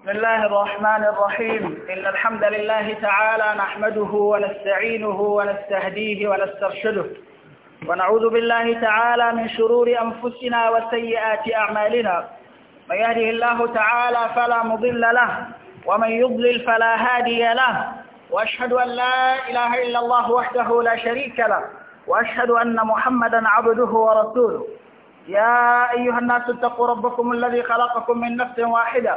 بسم الله الرحمن الرحيم إن الحمد لله تعالى نحمده ونستعينه ونستهديه ونسترشده ونعوذ بالله تعالى من شرور أنفسنا وسيئات أعمالنا من يهده الله تعالى فلا مضل له ومن يضلل فلا هادي له وأشهد أن لا إله إلا الله وحده لا شريك له وأشهد أن محمدا عبده ورسوله يا أيها الناس اتقوا ربكم الذي خلقكم من نفس واحدة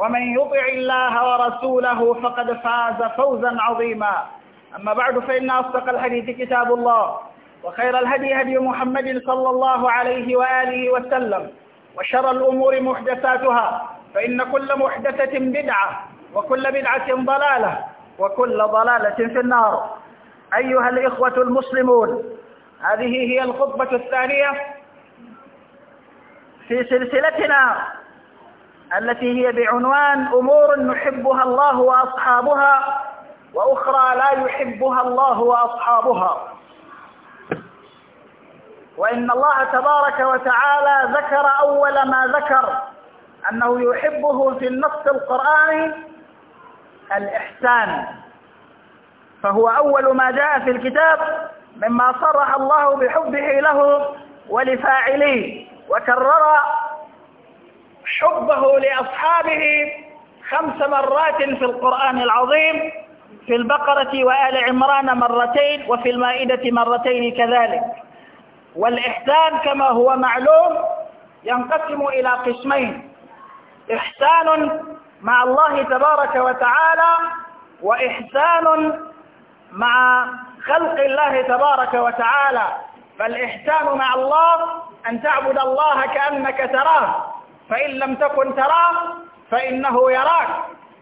ومن يطع الله ورسوله فقد فاز فوزا عظيما أما بعد فإن أصدق الحديث كتاب الله وخير الهدي هدي محمد صلى الله عليه وآله وسلم وشر الأمور محدثاتها فإن كل محدثة بدعة وكل بدعة ضلالة وكل ضلالة في النار أيها الإخوة المسلمون هذه هي الخطبة الثانية في سلسلتنا التي هي بعنوان أمور يحبها الله وأصحابها وأخرى لا يحبها الله وأصحابها وإن الله تبارك وتعالى ذكر أول ما ذكر أنه يحبه في النص القرآني الإحسان فهو أول ما جاء في الكتاب مما صرح الله بحبه له ولفاعليه وكرر حبه لأصحابه خمس مرات في القرآن العظيم في البقرة وآل عمران مرتين وفي المائدة مرتين كذلك والإحسان كما هو معلوم ينقسم إلى قسمين إحسان مع الله تبارك وتعالى وإحسان مع خلق الله تبارك وتعالى فالإحسان مع الله أن تعبد الله كأنك تراه فإن لم تكن تراه فإنه يراك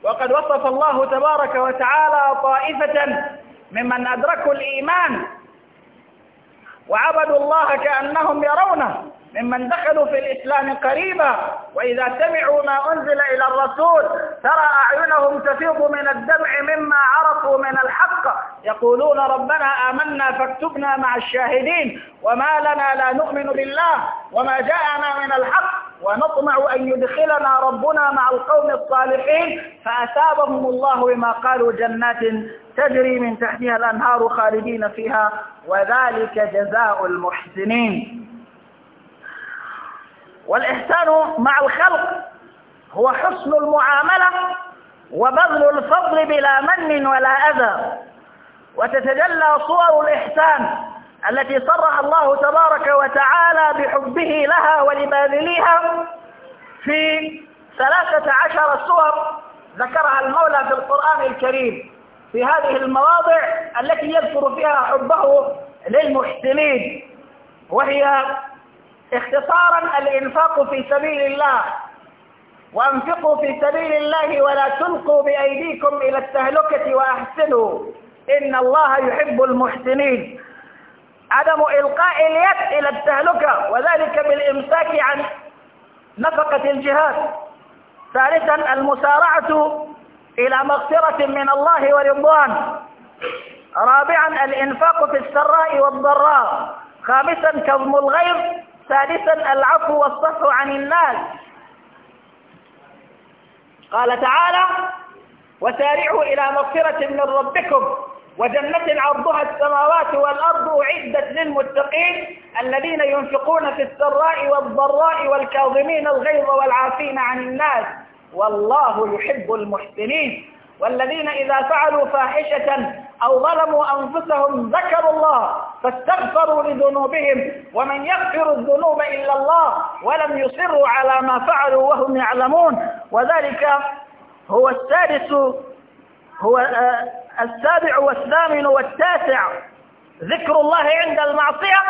وقد وصف الله تبارك وتعالى طائفة ممن أدركوا الإيمان وعبدوا الله كأنهم يرونه ممن دخلوا في الإسلام قريبا وإذا سمعوا ما أنزل إلى الرسول ترى أعينهم تفيض من الدمع مما عرفوا من الحق يقولون ربنا آمنا فاكتبنا مع الشاهدين وما لنا لا نؤمن بالله وما جاءنا من الحق ونطمع أن يدخلنا ربنا مع القوم الصالحين فأثابهم الله بما قالوا جنات تجري من تحتها الأنهار خالدين فيها وذلك جزاء المحسنين والإحسان مع الخلق هو حسن المعاملة وبذل الفضل بلا من ولا أذى وتتجلى صور الإحسان التي صرح الله تبارك وتعالى بحبه لها ولباذليها في ثلاثة عشر صور ذكرها المولى في القرآن الكريم في هذه المواضع التي يذكر فيها حبه للمحسنين وهي اختصارا الإنفاق في سبيل الله وأنفقوا في سبيل الله ولا تلقوا بأيديكم إلى التهلكة وأحسنوا إن الله يحب المحسنين عدم إلقاء اليد إلى التهلكة وذلك بالإمساك عن نفقة الجهاد ثالثا المسارعة إلى مغفرة من الله ورضوان رابعا الإنفاق في السراء والضراء خامسا كظم الغيظ سادسا العفو والصفح عن الناس قال تعالى وسارعوا إلى مغفرة من ربكم وجنة عرضها السماوات والأرض أعدت للمتقين الذين ينفقون في السراء والضراء والكاظمين الغيظ والعافين عن الناس والله يحب المحسنين والذين إذا فعلوا فاحشة أو ظلموا أنفسهم ذكروا الله فاستغفروا لذنوبهم ومن يغفر الذنوب إلا الله ولم يصروا على ما فعلوا وهم يعلمون وذلك هو السادس هو آه السابع والثامن والتاسع ذكر الله عند المعصية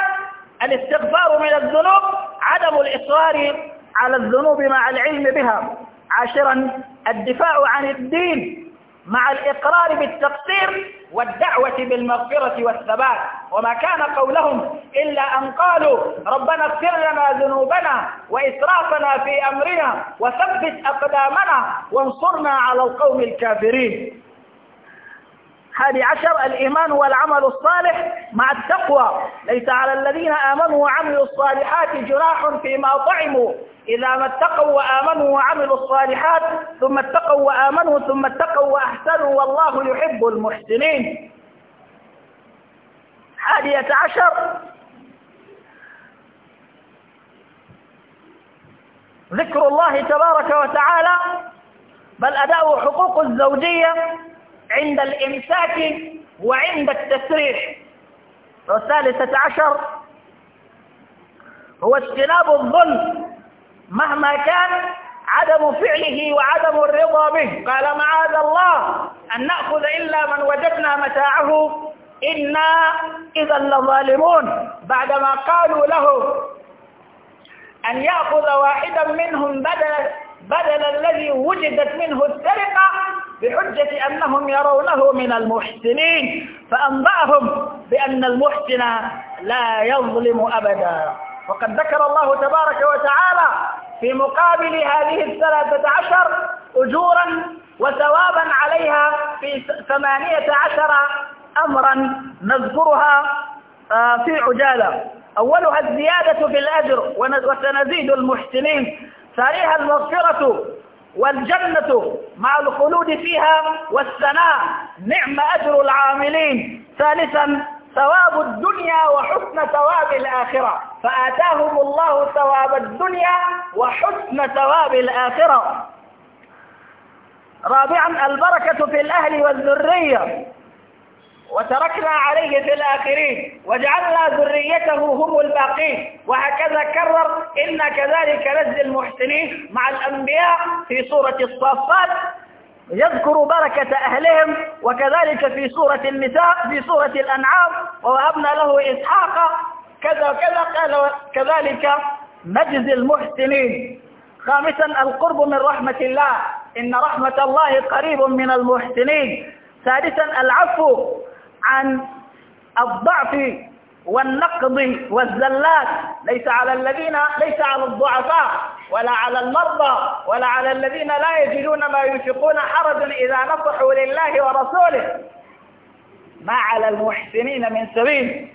الاستغفار من الذنوب عدم الإصرار على الذنوب مع العلم بها عاشرا الدفاع عن الدين مع الإقرار بالتقصير والدعوة بالمغفرة والثبات وما كان قولهم إلا أن قالوا ربنا اغفر لنا ذنوبنا وإسرافنا في أمرنا وثبت أقدامنا وانصرنا على القوم الكافرين الحادي عشر الإيمان والعمل الصالح مع التقوى ليس على الذين آمنوا وعملوا الصالحات جراح فيما طعموا إذا ما اتقوا وآمنوا وعملوا الصالحات ثم اتقوا وآمنوا ثم اتقوا وأحسنوا والله يحب المحسنين الحادية عشر ذكر الله تبارك وتعالى بل أداء حقوق الزوجية عند الإمساك وعند التسريح والثالثة عشر هو اجتناب الظلم مهما كان عدم فعله وعدم الرضا به قال معاذ الله أن نأخذ إلا من وجدنا متاعه إنا إذا لظالمون بعدما قالوا له أن يأخذ واحدا منهم بدل بدل الذي وجدت منه السرقة بحجة أنهم يرونه من المحسنين فأنبأهم بأن المحسن لا يظلم أبدا وقد ذكر الله تبارك وتعالى في مقابل هذه الثلاثة عشر أجورا وثوابا عليها في ثمانية عشر أمرا نذكرها آه، في عجالة أولها الزيادة في الأجر وسنزيد المحسنين سريها المغفرة والجنة مع الخلود فيها والثناء نعم أجر العاملين ثالثا ثواب الدنيا وحسن ثواب الآخرة فآتاهم الله ثواب الدنيا وحسن ثواب الآخرة رابعا البركة في الأهل والذرية وتركنا عليه في الآخرين وجعلنا ذريته هم الباقين وهكذا كرر إنا كذلك نجزي المحسنين مع الأنبياء في سورة الصافات يذكر بركة أهلهم وكذلك في سورة النساء في سورة الأنعام ووهبنا له إسحاق كذا وكذا قال كذلك نجزي المحسنين خامسا القرب من رحمة الله إن رحمة الله قريب من المحسنين سادسا العفو عن الضعف والنقض والزلات ليس على الذين ليس على الضعفاء ولا على المرضى ولا على الذين لا يجدون ما ينفقون حرج إذا نصحوا لله ورسوله ما على المحسنين من سبيل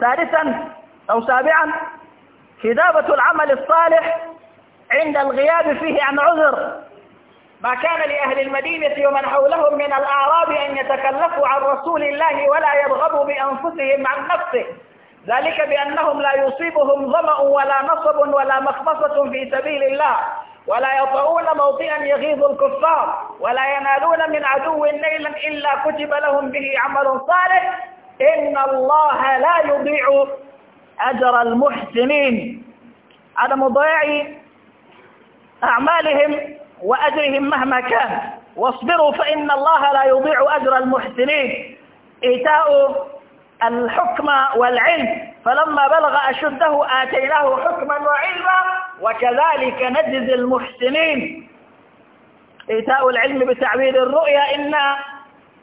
ثالثا أو سابعا كتابة العمل الصالح عند الغياب فيه عن عذر ما كان لأهل المدينة ومن حولهم من الأعراب أن يتكلفوا عن رسول الله ولا يرغبوا بأنفسهم عن نفسه ذلك بأنهم لا يصيبهم ظمأ ولا نصب ولا مخمصة في سبيل الله ولا يطعون موطئا يغيظ الكفار ولا ينالون من عدو نيلا إلا كتب لهم به عمل صالح إن الله لا يضيع أجر المحسنين عدم مضيع أعمالهم وأجرهم مهما كان واصبروا فإن الله لا يضيع أجر المحسنين إيتاء الحكم والعلم فلما بلغ أشده آتيناه حكما وعلما وكذلك نجزي المحسنين إيتاء العلم بتعبير الرؤيا إنا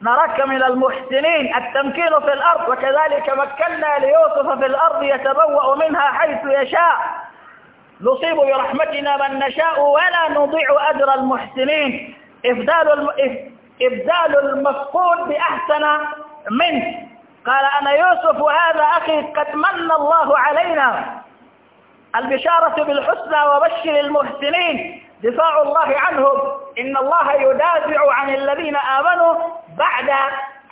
نراك من المحسنين التمكين في الأرض وكذلك مكنا ليوسف في الأرض يتبوأ منها حيث يشاء نصيب برحمتنا من نشاء ولا نضيع أجر المحسنين إبدال إبدال المفقود بأحسن منه قال أنا يوسف هذا أخي قد من الله علينا البشارة بالحسنى وبشر المحسنين دفاع الله عنهم إن الله يدافع عن الذين آمنوا بعد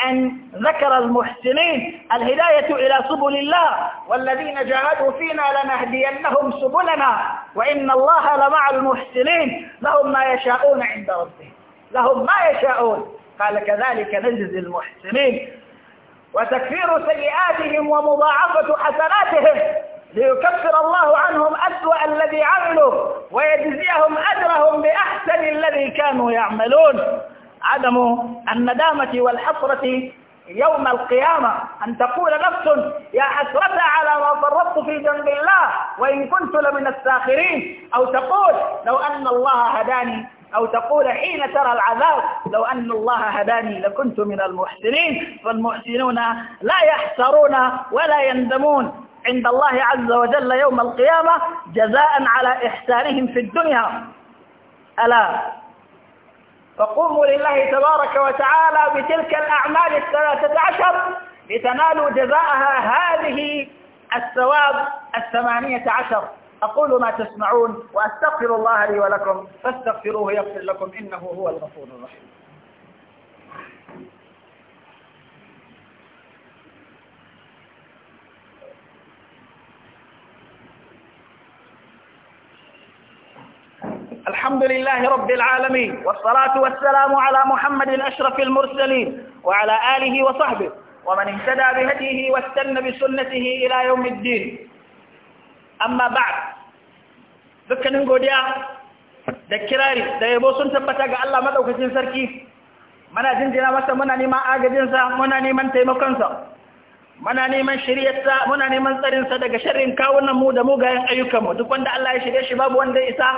أن ذكر المحسنين الهداية إلى سبل الله والذين جاهدوا فينا لنهدينهم سبلنا وإن الله لمع المحسنين لهم ما يشاءون عند ربهم لهم ما يشاءون قال كذلك نجزي المحسنين وتكفير سيئاتهم ومضاعفة حسناتهم ليكفر الله عنهم أسوأ الذي عملوا ويجزيهم أجرهم بأحسن الذي كانوا يعملون عدم الندامة والحسرة يوم القيامة أن تقول نفس يا حسرة على ما فرطت في جنب الله وإن كنت لمن الساخرين أو تقول لو أن الله هداني أو تقول حين ترى العذاب لو أن الله هداني لكنت من المحسنين فالمحسنون لا يحسرون ولا يندمون عند الله عز وجل يوم القيامة جزاء على إحسانهم في الدنيا ألا فقوموا لله تبارك وتعالى بتلك الأعمال الثلاثة عشر لتنالوا جزاءها هذه الثواب الثمانية عشر أقول ما تسمعون وأستغفر الله لي ولكم فاستغفروه يغفر لكم إنه هو الغفور الرحيم الحمد لله رب العالمين والصلاة والسلام على محمد أشرف المرسلين وعلى آله وصحبه ومن اهتدى بهديه واستنى بسنته إلى يوم الدين أما بعد dukkanin godiya da kirari da yabo sun tabbata ga Allah madaukakin sarki muna jinjina masa muna neman agajinsa muna neman taimakonsa muna neman shiryarsa muna neman tsarinsa daga sharrin kawunan mu da mugayen ayyukanmu duk wanda Allah ya shirye shi babu ya isa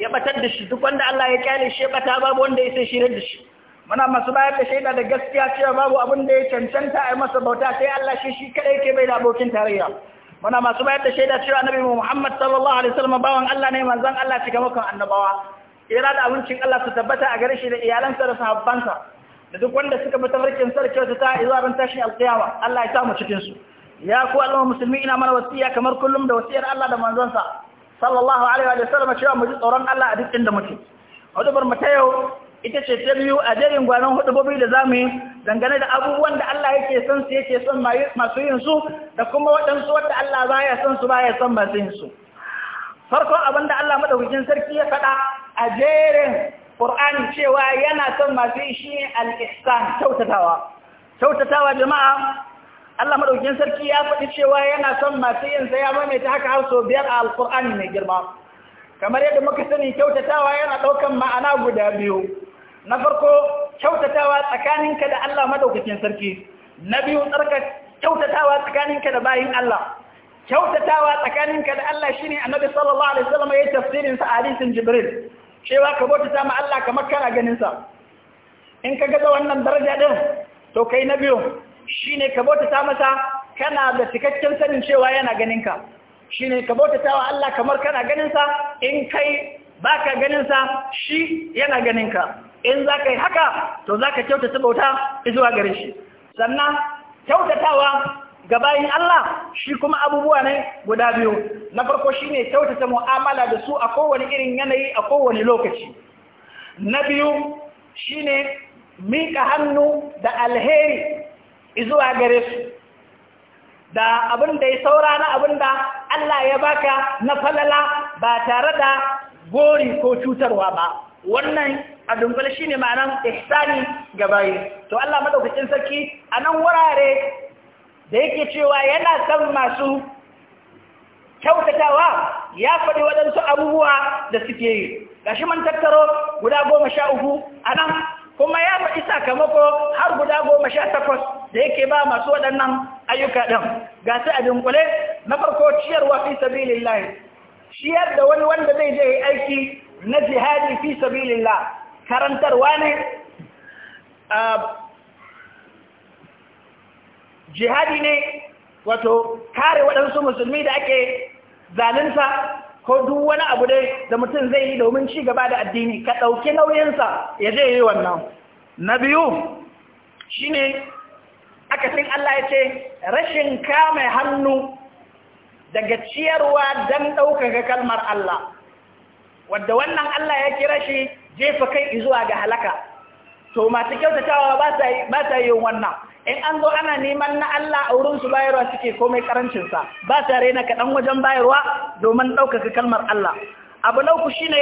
ya batar da shi duk wanda Allah ya kyale shi ya bata babu wanda ya sai shirar da shi muna masu bayar da shaida da gaskiya cewa babu abin da ya cancanta a yi masa bauta sai Allah shi shi kadai ke bai da abokin tarayya muna masu bayar da shaida cewa annabi Muhammad sallallahu alaihi wasallam bawan Allah ne manzon Allah cika makon annabawa ira da abincin Allah su tabbata a gare shi da iyalansa da sahabbansa da duk wanda suka bi tafarkin sarki ta zuwa ran tashi alkiyama Allah ya sa mu cikin su ya ku Allah musulmi ina mana wasiya kamar kullum da wasiyar Allah da manzonsa sallallahu alaihi wa sallam cewa mu ji tsoron Allah a duk inda muke hudubar mu ta yau ita ce ta biyu a jerin gwanon hudubobi da zamu yi dangane da abubuwan da Allah yake son su yake son masu yin su da kuma waɗansu wanda Allah baya son su baya son masu yin su farko abin da Allah madaukakin sarki ya faɗa a jerin Qur'ani cewa yana son masu yi shi al-ihsan kyautatawa kyautatawa jama'a Allah madaukin sarki ya faɗi cewa yana son masu yin ya maimaita haka har sau biyar a alƙur'ani mai girma kamar yadda muka sani kyautatawa yana ɗaukan ma'ana guda biyu na farko kyautatawa tsakaninka da Allah madaukakin sarki na biyu tsarka kyautatawa tsakaninka da bayin Allah kyautatawa tsakaninka da Allah shine annabi sallallahu alaihi wasallam ya tafsirin sa hadisin jibril cewa ka bautata ma Allah kamar kana ganin sa in ka ga wannan daraja din to kai na biyu shine ka bautata masa kana da cikakken sanin cewa yana ganin ka ne ka bautata wa Allah kamar kana ganin sa in kai baka ganin sa shi yana ganin ka in ka yi haka to za zaka kyautata bauta zuwa garin shi sannan kyautatawa ga bayin Allah shi kuma abubuwa ne guda biyu na farko shi ne kyautata mu'amala da su a kowane irin yanayi a kowane lokaci na biyu shi ne mika hannu da alheri izuwa gare su da abin da ya saura na abin da Allah ya baka na falala ba tare da gori ko cutarwa ba wannan a dunkule shine ma'anan ihsani ga bayi to Allah maɗaukacin sarki a nan wurare da yake cewa yana son masu kyautatawa ya faɗi waɗansu abubuwa da suke yi shi man tattaro guda goma sha uku a nan kuma ya faɗi sakamako har guda goma sha takwas da yake ba masu waɗannan ayyuka ɗin ga su a dunkule na farko ciyarwa fi lahi ciyar da wani wanda zai je aiki na jihadi fi sabilillah karantarwa ne jihadi ne wato kare waɗansu musulmi da ake zalunsa ko duk wani abu dai da mutum zai yi domin ci gaba da addini ka ɗauki nauyinsa ya je yi wannan na biyu shi ne aka cin Allah ya ce rashin kame hannu daga ciyarwa don ɗaukaka kalmar Allah wadda wannan Allah ya kira shi jefa kai zuwa ga halaka to masu kyautatawa ba sa yi wannan in an zo ana neman na Allah a wurin su bayarwa suke komai karancinsa ba tare na kaɗan wajen bayarwa domin ɗaukaka kalmar Allah abu lauku shine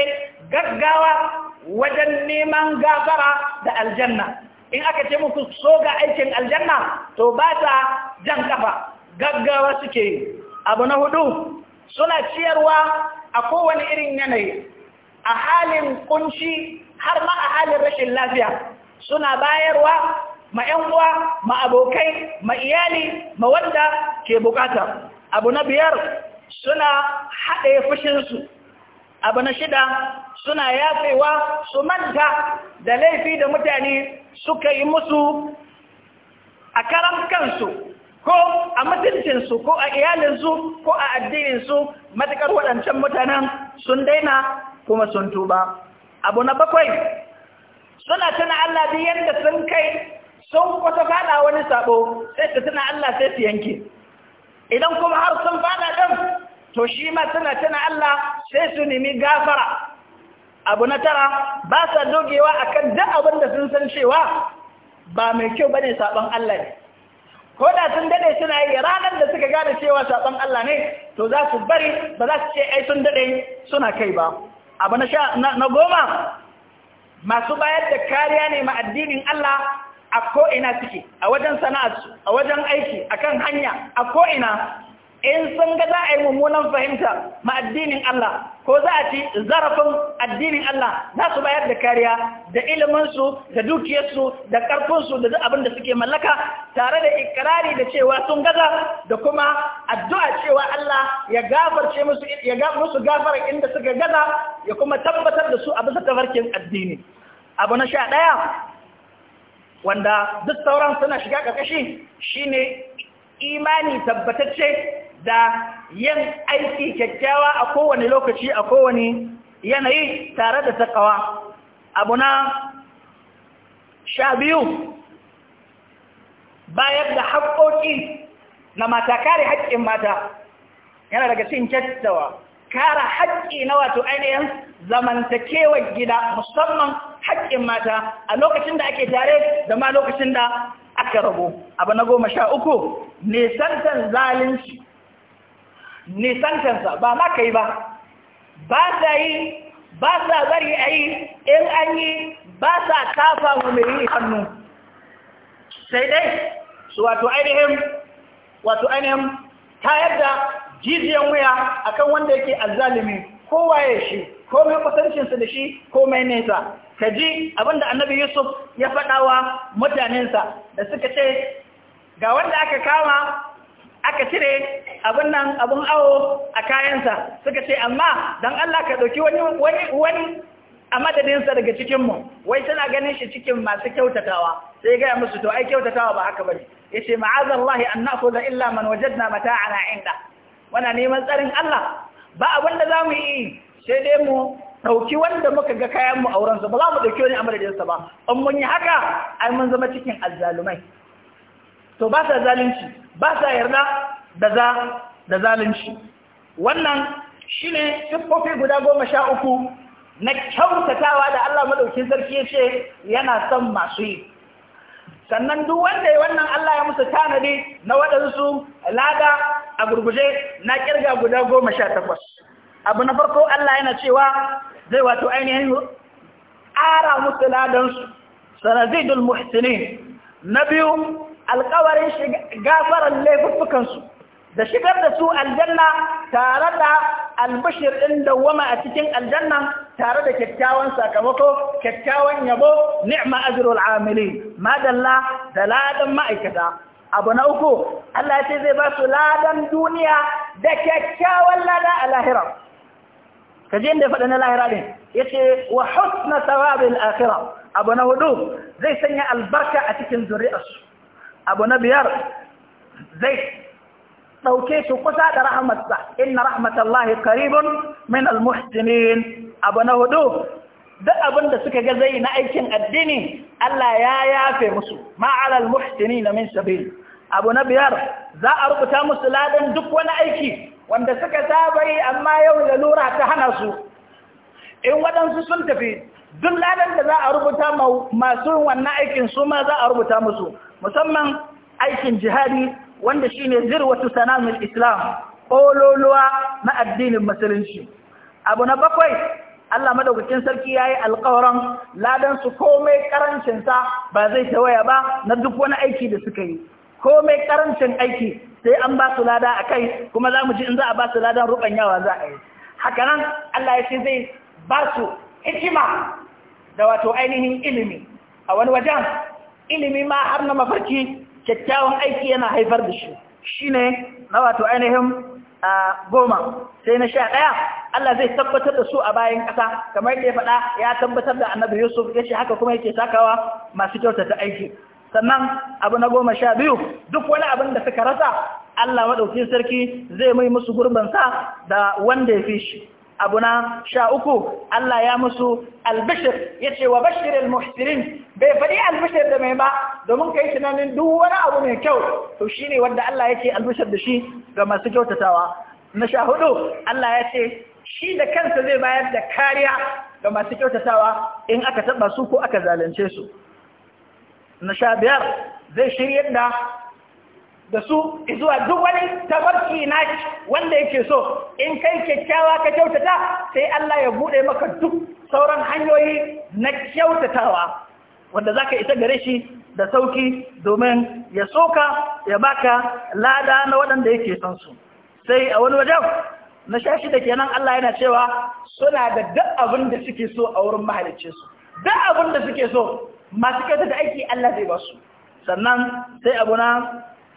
gaggawa wajen neman gafara da aljanna in aka ce muku so ga aikin aljanna to ba ta jan kafa gaggawa suke yi abu na hudu suna ciyarwa a kowane irin yanayi a halin kunshi har ma a halin rashin lafiya suna bayarwa ma ‘yan uwa ma abokai ma iyali ma wanda ke bukata abu na biyar suna haɗe fushinsu abu na shida suna yafewa su manta da laifi da mutane suka yi musu a karan kansu ko a mutuncinsu ko a iyalinsu ko a addininsu matuƙar waɗancan mutanen sun daina kuma sun tuba abu na bakwai suna tuna Allah da yadda sun kai sun kwata fada wani sabo sai ta tana Allah sai su yanke idan kuma har sun fada ɗin to shi ma tana tana Allah sai su nemi gafara abu na tara ba sa dogewa akan duk abin da sun san cewa ba mai kyau ba ne sabon Allah ne ko da sun dade suna yi ranar da suka gane cewa sabon Allah ne to za su bari ba za su ce ai sun dade suna kai ba abu na goma masu bayar da kariya ne ma addinin Allah a ko'ina suke a wajen sana'arsu a wajen aiki a kan hanya a ko'ina in sun ga za a yi mummunan fahimta ma addinin Allah ko za a ci zarafin addinin Allah za su bayar da kariya da iliminsu da dukiyarsu da ƙarfinsu da abinda abin da suke mallaka tare da ikirari da cewa sun gaza da kuma addu'a cewa Allah ya gafarce musu ya musu gafara inda suka gaza ya kuma tabbatar da su a bisa tafarkin addini abu na sha ɗaya wanda duk sauran suna shiga ƙarƙashin ne imani tabbatacce da yin aiki kyakkyawa a kowane lokaci a kowane yanayi tare da takawa abu na sha biyu bayar da haƙoƙi na mata kare haƙƙin mata yana daga cin kyakkyawa kara haƙƙi na wato ainihin zamantakewar gida musamman haƙƙin mata a lokacin da ake tare da ma lokacin da aka rabu abu na goma sha uku nisantar zalunci nisantarsa ba ma ka yi ba ba sa yi ba sa bari a yi in an yi ba sa kafa mu mai yi hannu sai dai su wato ainihin wato ainihin tayar da jijiyan wuya akan wanda yake azzalimi ko waye shi ko mai kusancinsa da shi ko mai nesa ka ji abinda annabi yusuf ya faɗawa mutanensa da suka ce ga wanda aka kama aka cire abin nan abin awo a kayansa suka ce amma don allah ka ɗauki wani a madadinsa daga cikinmu wai tana ganin shi cikin masu kyautatawa sai gaya musu to ai kyautatawa ba haka Ya ce ma'azallahi an da illa man wajadna mata'ana inda wana neman tsarin Allah ba abin da za mu yi sai dai mu ɗauki wanda muka ga kayan mu aurensa ba za mu ɗauki wani amaradinsa ba in mun yi haka ai mun zama cikin azzalumai to ba sa zalunci ba sa yarda da za da zalunci wannan shine siffofi guda goma sha uku na kyautatawa da Allah madaukin sarki ya ce yana son masu yi sannan duk wanda ya wannan Allah ya musu tanadi na waɗansu lada a gurguje na kirga guda goma sha takwas abu na farko Allah yana cewa zai wato ainihin ara musu ladansu sanazidul na biyu alkawarin gafarar laifuffukansu da shigar da su aljanna tare da albashir ɗin dawwama a cikin aljanna tare da kyakkyawan sakamako kyakkyawan yabo ni'ma azirul amili madalla da ladan ma'aikata abu na uku Allah ce zai ba su ladan duniya da kyakkyawan lada a lahira ka je inda faɗa na lahira ne ya ce wa husna tawabin akhira abu na hudu zai sanya albarka a cikin zuri'arsu abu na biyar zai ɗauke su kusa da rahamatsa inna rahmatallahi karibun min almuhsinin abu na hudu duk abin da suka ga zai na aikin addini Allah ya yafe musu ma'alal muhtini na min sabil abu na biyar za a rubuta musu ladan duk wani aiki wanda suka saba yi amma yau lalura ta hana su in waɗansu sun tafi duk ladan da za a rubuta masu wannan aikin su ma za a rubuta musu musamman aikin jihadi wanda shine zirwatu sanamin islam ƙololuwa na addinin musulunci abu na bakwai Allah madaukakin sarki yayi alƙawarin ladan su komai karancin sa ba zai tawaya ba na duk wani aiki da suka yi komai karancin aiki sai an ba su lada akai kuma zamu ji in za a ba su ladan yawa za a yi haka nan Allah ya ce zai ba su hikima da wato ainihin ilimi a wani wajen ilimi ma har na mafarki kyakkyawan aiki yana haifar da shi shine na wato ainihin goma sai na sha ɗaya Allah zai tabbatar da su a bayan ƙasa kamar da faɗa ya tabbatar da annabi Yusuf ya ce haka kuma yake sakawa masu kyautata aiki sannan abu na goma sha biyu duk wani abin da suka rasa Allah maɗaukin sarki zai mai musu gurbansa da wanda ya fi shi abu na sha uku Allah ya musu albishir ya ce wa bashirin almuhsirin bai faɗi albishir da mai ba domin kai tunanin duk wani abu mai kyau to shi ne wanda Allah ya ce albishir da shi ga masu kyautatawa na sha hudu Allah ya ce shi da kansa zai bayar da kariya ga masu kyautatawa in aka taɓa su ko aka zalunce su na sha biyar zai shiryar da da su zuwa duk wani tabarki na wanda yake so in kai kyakkyawa ka kyautata sai Allah ya bude maka duk sauran hanyoyi na kyautatawa wanda zaka isa gare shi da sauki domin ya soka ya baka lada na waɗanda yake son su sai a wani wajen na shashi da kenan Allah yana cewa suna da duk abin da suke so a wurin mahalicce su duk abin da suke so masu kyauta da aiki Allah zai ba su sannan sai abu na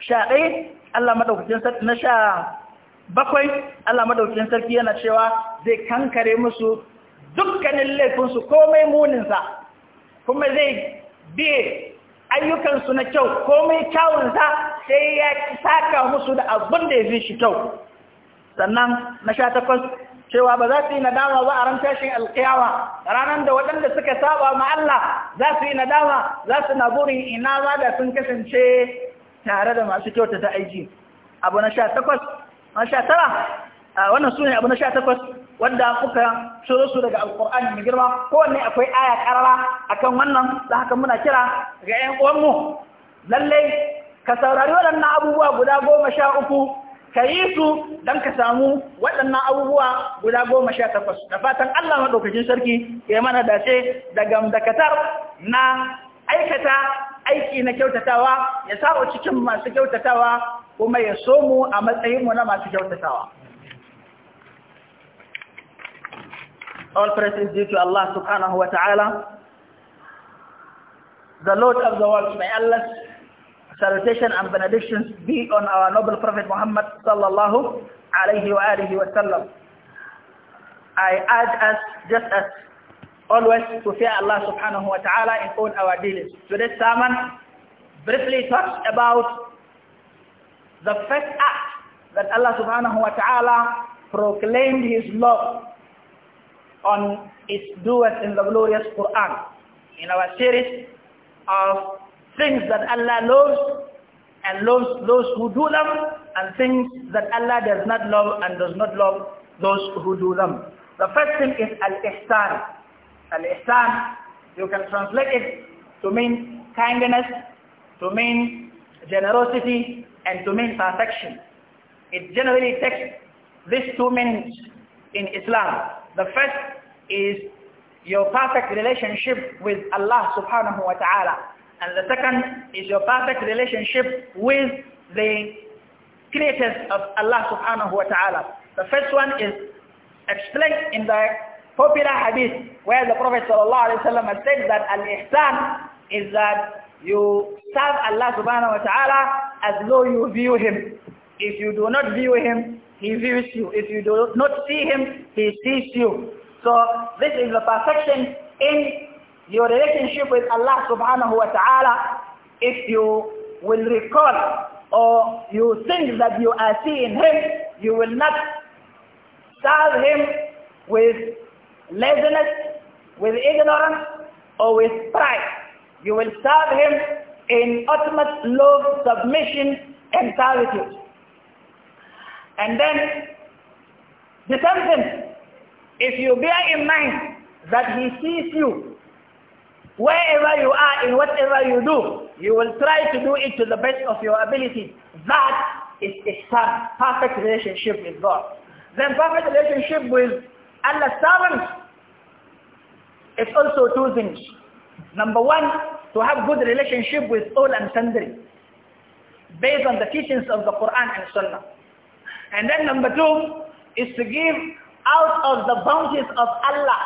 Shaɗai, Allah madaukakin sarki na sha bakwai Allah sarki yana cewa zai kankare musu dukkanin laifinsu komai muninsa kuma zai biye ayyukansu na kyau komai kyawunsa sai ya saka musu da abin da ya fi shi kyau sannan na sha takwas cewa ba za su yi nadama ba a ran tashin alkiyawa ranar da waɗanda suka saba ma Allah za su yi nadama za su na burin ina ma da sun kasance tare da masu kyauta ta aiki abu na sha takwas na sha tara wannan su ne abu na sha takwas wanda kuka shiro su daga alkur'ani mai girma kowanne akwai aya karara akan wannan da haka muna kira ga 'yan uwanmu lallai ka saurari waɗannan abubuwa guda goma sha uku ka yi su don ka samu waɗannan abubuwa guda goma sha takwas da fatan Allah maɗaukacin sarki ya mana dace da gamdakatar na aikata aiki na kyautatawa ya samu cikin masu kyautatawa kuma ya so mu a matsayinmu na masu kyautatawa all praise is due to Allah subhanahu wa ta'ala the Lord of the world may Allah's salutation and benedictions be on our noble prophet Muhammad sallallahu alayhi wa alihi wa sallam I add as just as always to fear Allah subhanahu wa ta'ala in all our dealings. Today's sermon briefly talks about the first act that Allah subhanahu wa ta'ala proclaimed his love on its doers in the glorious Quran. In our series of things that Allah loves and loves those who do them and things that Allah does not love and does not love those who do them. The first thing is al-ihsan. Al-Ihsan, you can translate it to mean kindness, to mean generosity, and to mean perfection. It generally takes these two meanings in Islam. The first is your perfect relationship with Allah subhanahu wa ta'ala. And the second is your perfect relationship with the creators of Allah subhanahu wa ta'ala. The first one is explained in the popular hadith where the Prophet ﷺ has said that al-ihsan is that you serve Allah subhanahu wa ta'ala as though you view him. If you do not view him, he views you. If you do not see him, he sees you. So this is the perfection in your relationship with Allah subhanahu wa ta'ala. If you will recall or you think that you are seeing him, you will not serve him with laziness, with ignorance, or with pride. You will serve him in ultimate love, submission, and servitude. And then, the same if you bear in mind that he sees you, wherever you are, in whatever you do, you will try to do it to the best of your ability. That is a perfect relationship with God. Then perfect relationship with Allah's servants is also two things. Number one, to have good relationship with all and sundry, based on the teachings of the Quran and Sunnah. And then number two, is to give out of the bounties of Allah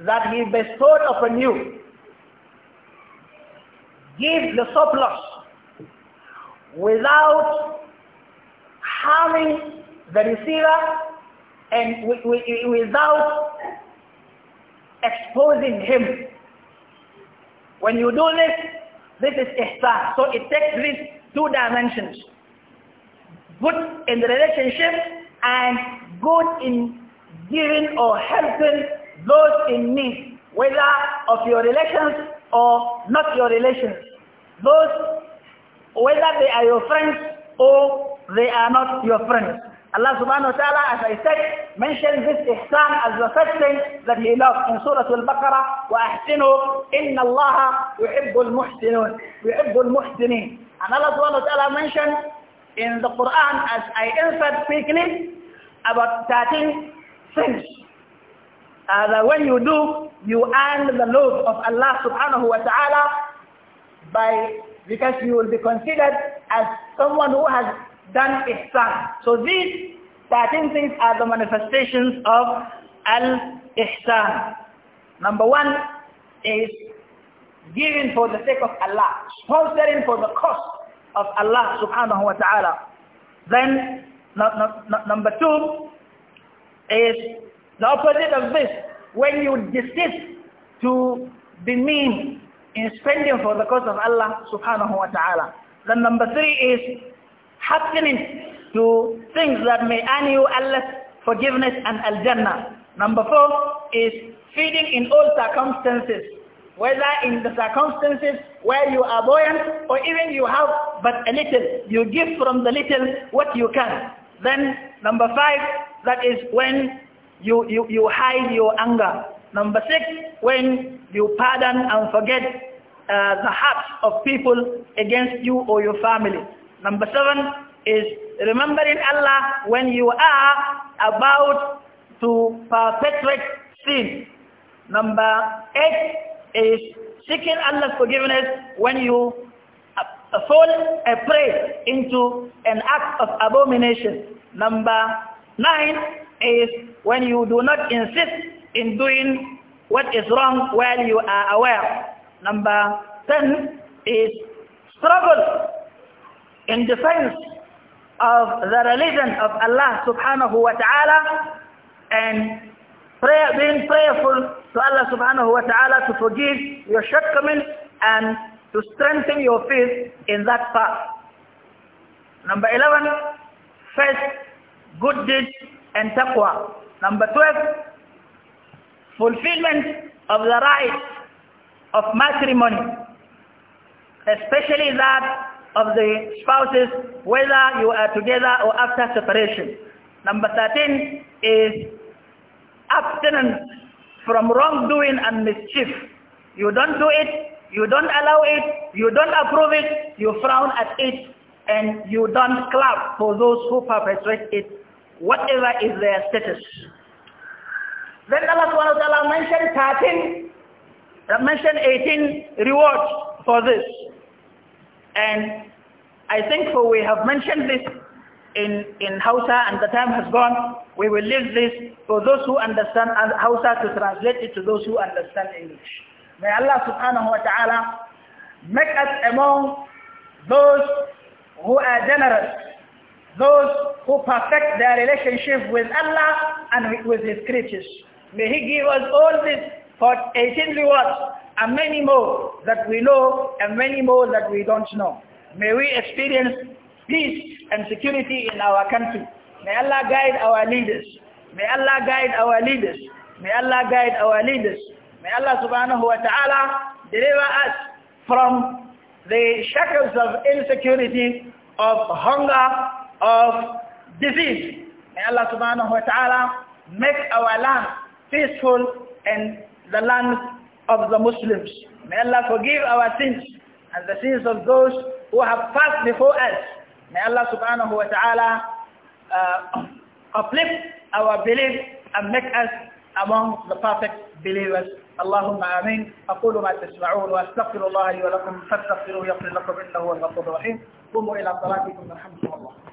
that He bestowed upon you. Give the surplus without harming the receiver and without exposing him. When you do this, this is ihsan. So it takes these two dimensions. Good in the relationship and good in giving or helping those in need, whether of your relations or not your relations. Those, whether they are your friends or they are not your friends. Allah subhanahu wa ta'ala, as I said, mentioned this ihsan as the first thing that he loves in Surah Al-Baqarah, وَأَحْسِنُوا إِنَّ اللَّهَ يُحِبُّ الْمُحْسِنُونَ يُحِبُّ الْمُحْسِنِينَ And Allah subhanahu wa ta'ala mentioned in the Quran, as I answered quickly, about 13 things. Uh, that when you do, you earn the love of Allah subhanahu wa ta'ala by, because you will be considered as someone who has than ihsan. So these 13 things are the manifestations of al-ihsan. Number one is giving for the sake of Allah, sponsoring for the cause of Allah subhanahu wa ta'ala. Then no, no, no, number two is the opposite of this, when you desist to be mean in spending for the cause of Allah subhanahu wa ta'ala. Then number three is happening to things that may earn you Allah's forgiveness and al-Jannah. Number four is feeding in all circumstances, whether in the circumstances where you are buoyant or even you have but a little. You give from the little what you can. Then number five, that is when you, you, you hide your anger. Number six, when you pardon and forget uh, the hearts of people against you or your family. Number seven is remembering Allah when you are about to perpetrate sin. Number eight is seeking Allah's forgiveness when you fall a prey into an act of abomination. Number nine is when you do not insist in doing what is wrong while you are aware. Number ten is struggle in defense of the religion of Allah subhanahu wa ta'ala and prayer, being prayerful to Allah subhanahu wa ta'ala to forgive your shortcomings and to strengthen your faith in that path. Number 11, faith, good deeds and taqwa. Number 12, fulfillment of the rights of matrimony, especially that of the spouses, whether you are together or after separation. Number 13 is abstinence from wrongdoing and mischief. You don't do it, you don't allow it, you don't approve it, you frown at it, and you don't clap for those who perpetrate it, whatever is their status. Then Allah subhanahu wa ta'ala mentioned 13, mentioned 18 rewards for this. And I think for we have mentioned this in, in Hausa and the time has gone. We will leave this for those who understand Hausa to translate it to those who understand English. May Allah subhanahu wa ta'ala make us among those who are generous, those who perfect their relationship with Allah and with His creatures. May He give us all this for 18 rewards and many more that we know and many more that we don't know. May we experience peace and security in our country. May Allah guide our leaders. May Allah guide our leaders. May Allah guide our leaders. May Allah subhanahu wa ta'ala deliver us from the shackles of insecurity, of hunger, of disease. May Allah subhanahu wa ta'ala make our land peaceful and the land of the Muslims. May Allah forgive our sins and the sins of those who have passed before us. May Allah subhanahu wa ta'ala uh, uplift our belief and make us among the perfect believers. اللهم آمين أقول ما تسمعون وأستغفر الله لي ولكم فاستغفروه يغفر لكم إنه هو الغفور